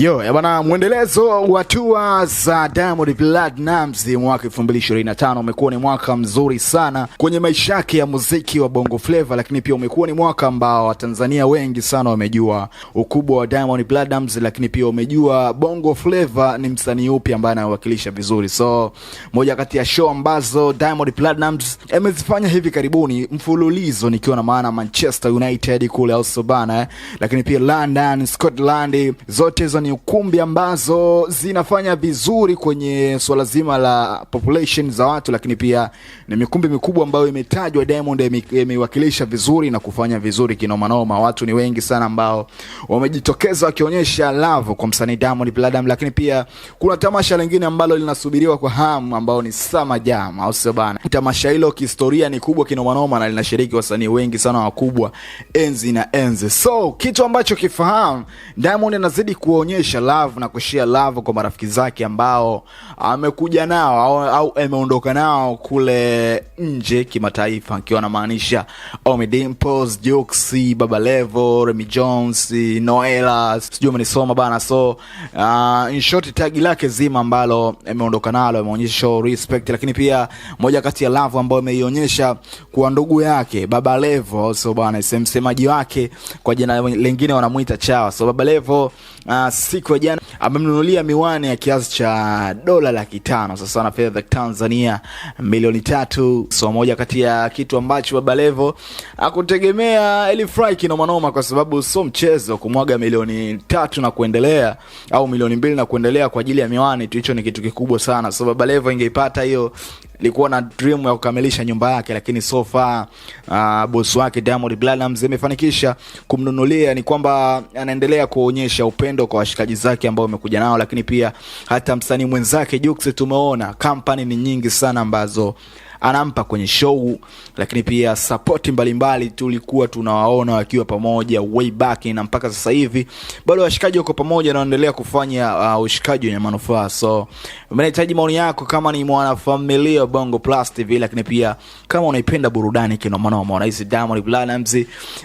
Yo, eh, bwana, mwendelezo wa tour za Diamond Platnumz mwaka 2025 umekuwa ni mwaka mzuri sana kwenye maisha yake ya muziki wa Bongo Flava, lakini pia umekuwa ni mwaka ambao Watanzania wengi sana wamejua ukubwa wa Diamond Platnumz, lakini pia umejua Bongo Flava ni msanii upi ambaye anawakilisha vizuri. So moja kati ya show ambazo Diamond Platnumz amezifanya hivi karibuni mfululizo, nikiwa na maana Manchester United kule also bana eh, lakini pia London, Scotland, zote hizo kwenye ukumbi ambazo zinafanya vizuri kwenye swala zima la population za watu, lakini pia ni mikumbi mikubwa ambayo imetajwa Diamond imewakilisha vizuri na kufanya vizuri kinomanoma. Watu ni wengi sana ambao wamejitokeza wakionyesha love kwa msanii Diamond Platnumz, lakini pia kuna tamasha lingine ambalo linasubiriwa kwa hamu ambao ni sama Jam, au sio bana? Tamasha hilo kihistoria ni kubwa kinomanoma na linashiriki wasanii wengi sana wakubwa enzi na enzi. So kitu ambacho kifahamu Diamond anazidi kuonyesha kuonyesha love na kushia love kwa marafiki zake ambao amekuja nao au, au ameondoka nao kule nje kimataifa, akiwa anamaanisha Ommy Dimpoz, Jux, Baba Levo, Remy Jones, noela sijui umenisoma bana. So uh, in short tag lake zima ambalo ameondoka nalo ameonyesha show respect, lakini pia moja kati ya love ambayo ameionyesha kwa ndugu yake Baba Levo. So bana, msemaji wake kwa jina lingine wanamuita Chawa. So Baba Levo uh, Sí, ya amemnunulia miwani ya kiasi cha dola laki tano sasa na fedha za Tanzania milioni tatu. So moja kati ya kitu ambacho Baba Levo akutegemea Elifry kinomanoma, kwa sababu so mchezo kumwaga milioni tatu na kuendelea au milioni mbili na kuendelea kwa ajili ya miwani tu, hicho ni kitu kikubwa sana. So Baba Levo ingeipata hiyo likuwa na dream ya kukamilisha nyumba yake, lakini so far uh, bosi wake Diamond Platnumz imefanikisha kumnunulia. Ni kwamba anaendelea kuonyesha upendo kwa washikaji zake ambao wamekuja nao, lakini pia hata msanii mwenzake Jux tumeona kampani ni nyingi sana ambazo anampa kwenye show, lakini pia support mbalimbali tulikuwa tunawaona wakiwa pamoja way back na mpaka sasa hivi bado washikaji wako pamoja na wanaendelea kufanya uh, ushikaji wenye manufaa. So nahitaji maoni yako kama ni mwanafamilia Bongo Plus TV, lakini pia kama unaipenda burudani kinomanoma, unahisi Diamond Platnumz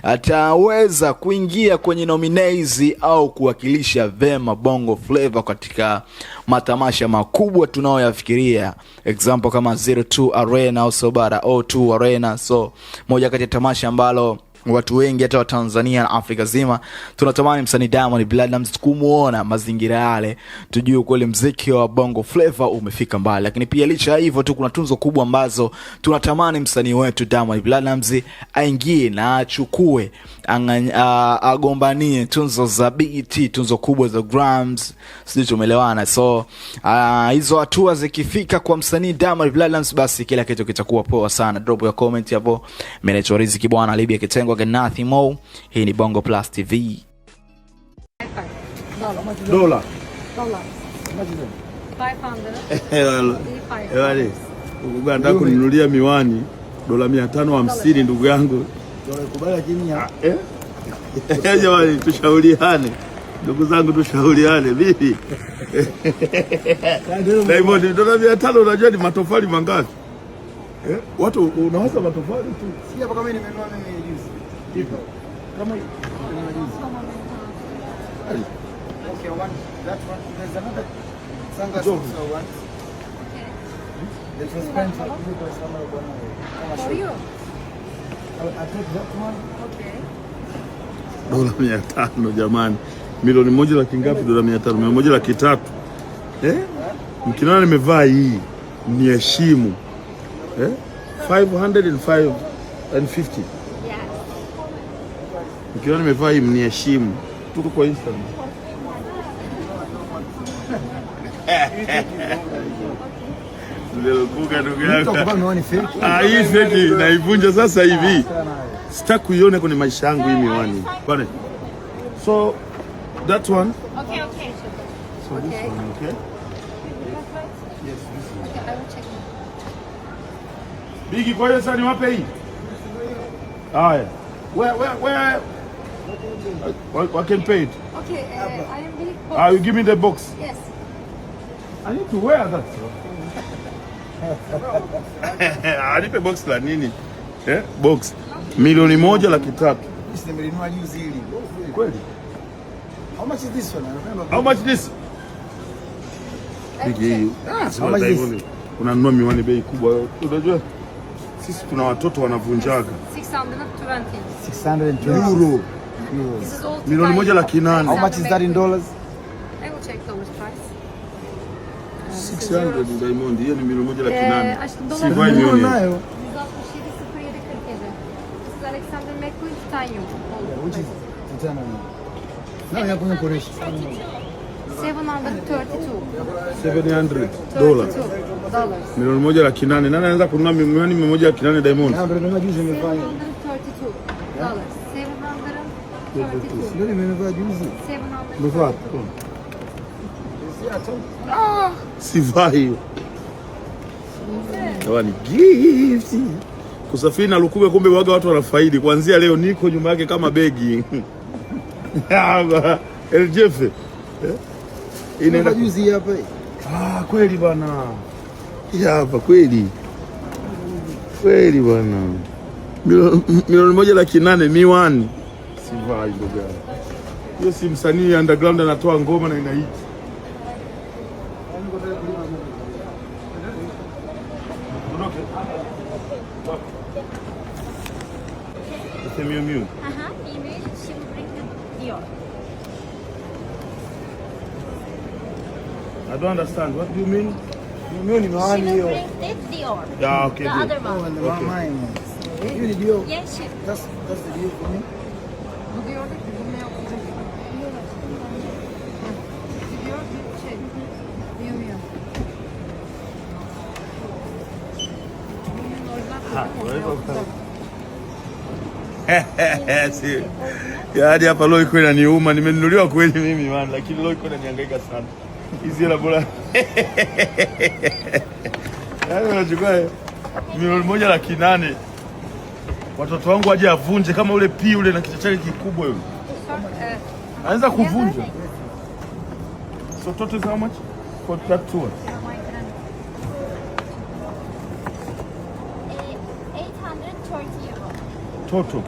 ataweza kuingia kwenye nominees au kuwakilisha vema Bongo Flava katika matamasha makubwa tunaoyafikiria example kama 02 Arena au Sobara O2 Arena. So moja kati ya tamasha ambalo watu wengi hata Watanzania na Afrika zima tunatamani msanii Diamond Platnumz kumuona mazingira yale, tujue ukweli mziki wa Bongo Flava umefika mbali. Lakini pia licha ya hivyo tu, kuna tunzo kubwa ambazo tunatamani msanii wetu Diamond Platnumz aingie na achukue, agombanie tunzo za BET, tunzo kubwa za grams sijui tumeelewana. So uh, hizo hatua zikifika kwa msanii Diamond Platnumz, basi kila kitu kitakuwa poa sana. Drop ya comment hapo, mimi ni Riziki bwana Libia Kitengo naitwa Ganathi Mo. Hii ni Bongo Plus TV. Dola. Dola. Nataka kuninunulia miwani dola mia tano hamsini ndugu yangu. Ah, eh? Jamani, tushauriane ndugu zangu, tushauriane vipi? Diamond dola mia tano unajua ni matofali mangapi? Eh? Watu unaweza matofali tu. kama mimi mimi hivyo kama oh hmm? Dola mia tano jamani, milioni moja laki ngapi? Dola mia tano, milioni moja laki tatu eh? Mkinana nimevaa hii ni heshimu eh? 550 Mkiona nimevaa hii mniheshimu. Tuko kwa Instagram. Ah, hii feki naivunja sasa hivi, sitaki kuiona kwenye maisha yangu hii miwani. So that one. Okay, okay. So this one, okay? Bigi, kwa hiyo sasa niwape hii. Haya. Where, where, where I, I can pay it. Okay, uh, I am box. Ah, you give me the box. Yes. I need to wear that. Anipe ah, box la nini? Eh? Box. Milioni moja laki tatu. Kweli? How much is this one? I remember. How much this? Big Ah, how much this? Unanunua miwani bei kubwa. Unajua? Sisi tuna watoto wanavunjaga. 620. 620 euro milioni moja laki nane. How much is that in dollars? I will check dollars price. 600 Diamond, hiyo ni milioni moja laki nane. Eh, Sivai milioni nayo. milioni moja laki nane. Nani anaweza kununua milioni moja laki nane Diamond? Nimevaa juzi, umevaa sivaa hiyo. Ni gift kusafiri na Lukube kumbe waga watu wanafaidi. Kuanzia leo niko nyuma yake kama begi El Eljefe eh? inaenda juzi hapa. Ah, kweli bwana, hapa kweli kweli bwana, milioni moja laki nane miwani Hiyo si msanii underground anatoa ngoma na inaiti I don't understand. What do you mean? Yeah, okay. The other one. Oh, and the okay. mine. Dior. Yes, she. That's that's the for me. Yaani ki bunu yapacak. Gidiyor bir hapa leo iko inaniuma, nimenunuliwa kweli mimi bana, lakini leo iko inanihangaika sana. Hizi hela bora. Yaani unachukua milioni moja laki nane watoto wangu waje avunje kama ule pii ule na kichwa chake kikubwa yule. Anaweza kuvunja. So total is how much for that tour? Total.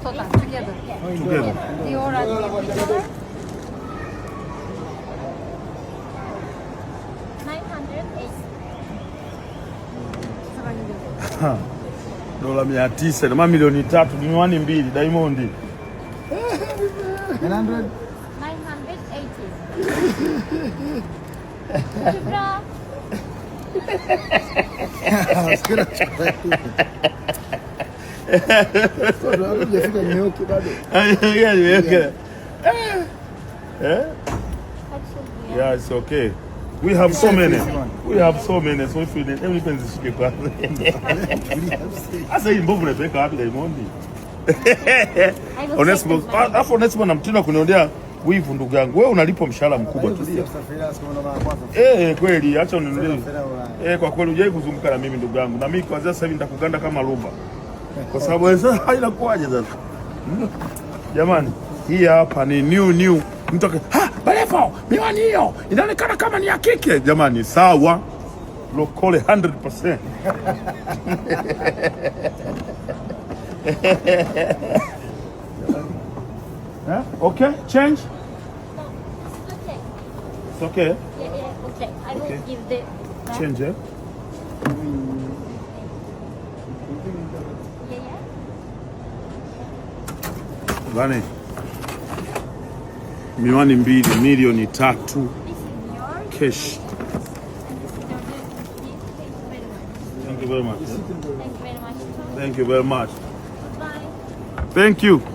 total Together. Huh. dola mia tisa na milioni tatu miwani mbili Diamond eh? eh? Yeah, it's okay. We have so many. We have so many. So if we need, is hebu nipe nizishike kwanza. Sasa hii mbovu naipeleka wapi Diamond? Onesmo, hapo Onesmo na mtindo kuniondea wivu ndugu yangu. Wewe unalipwa mshahara mkubwa tu. Eh, kweli acha uninulie. Eh, kwa kweli hujai kuzunguka na mimi ndugu yangu. Na mimi kwanza sasa hivi nitakuganda kama luba. Kwa sababu sasa kuaje sasa? Hmm? Jamani, hii hapa ni new new. ha miwani hiyo inaonekana kama ni ya kike. Jamani, sawa lokole 100%. Eh? Okay, change. It's okay. Yeah, yeah, okay. I will give the Change, eh? Yeah, yeah. Bani. miwani mbili milioni tatu cash. Thank you very much. Thank you very much. Thank you.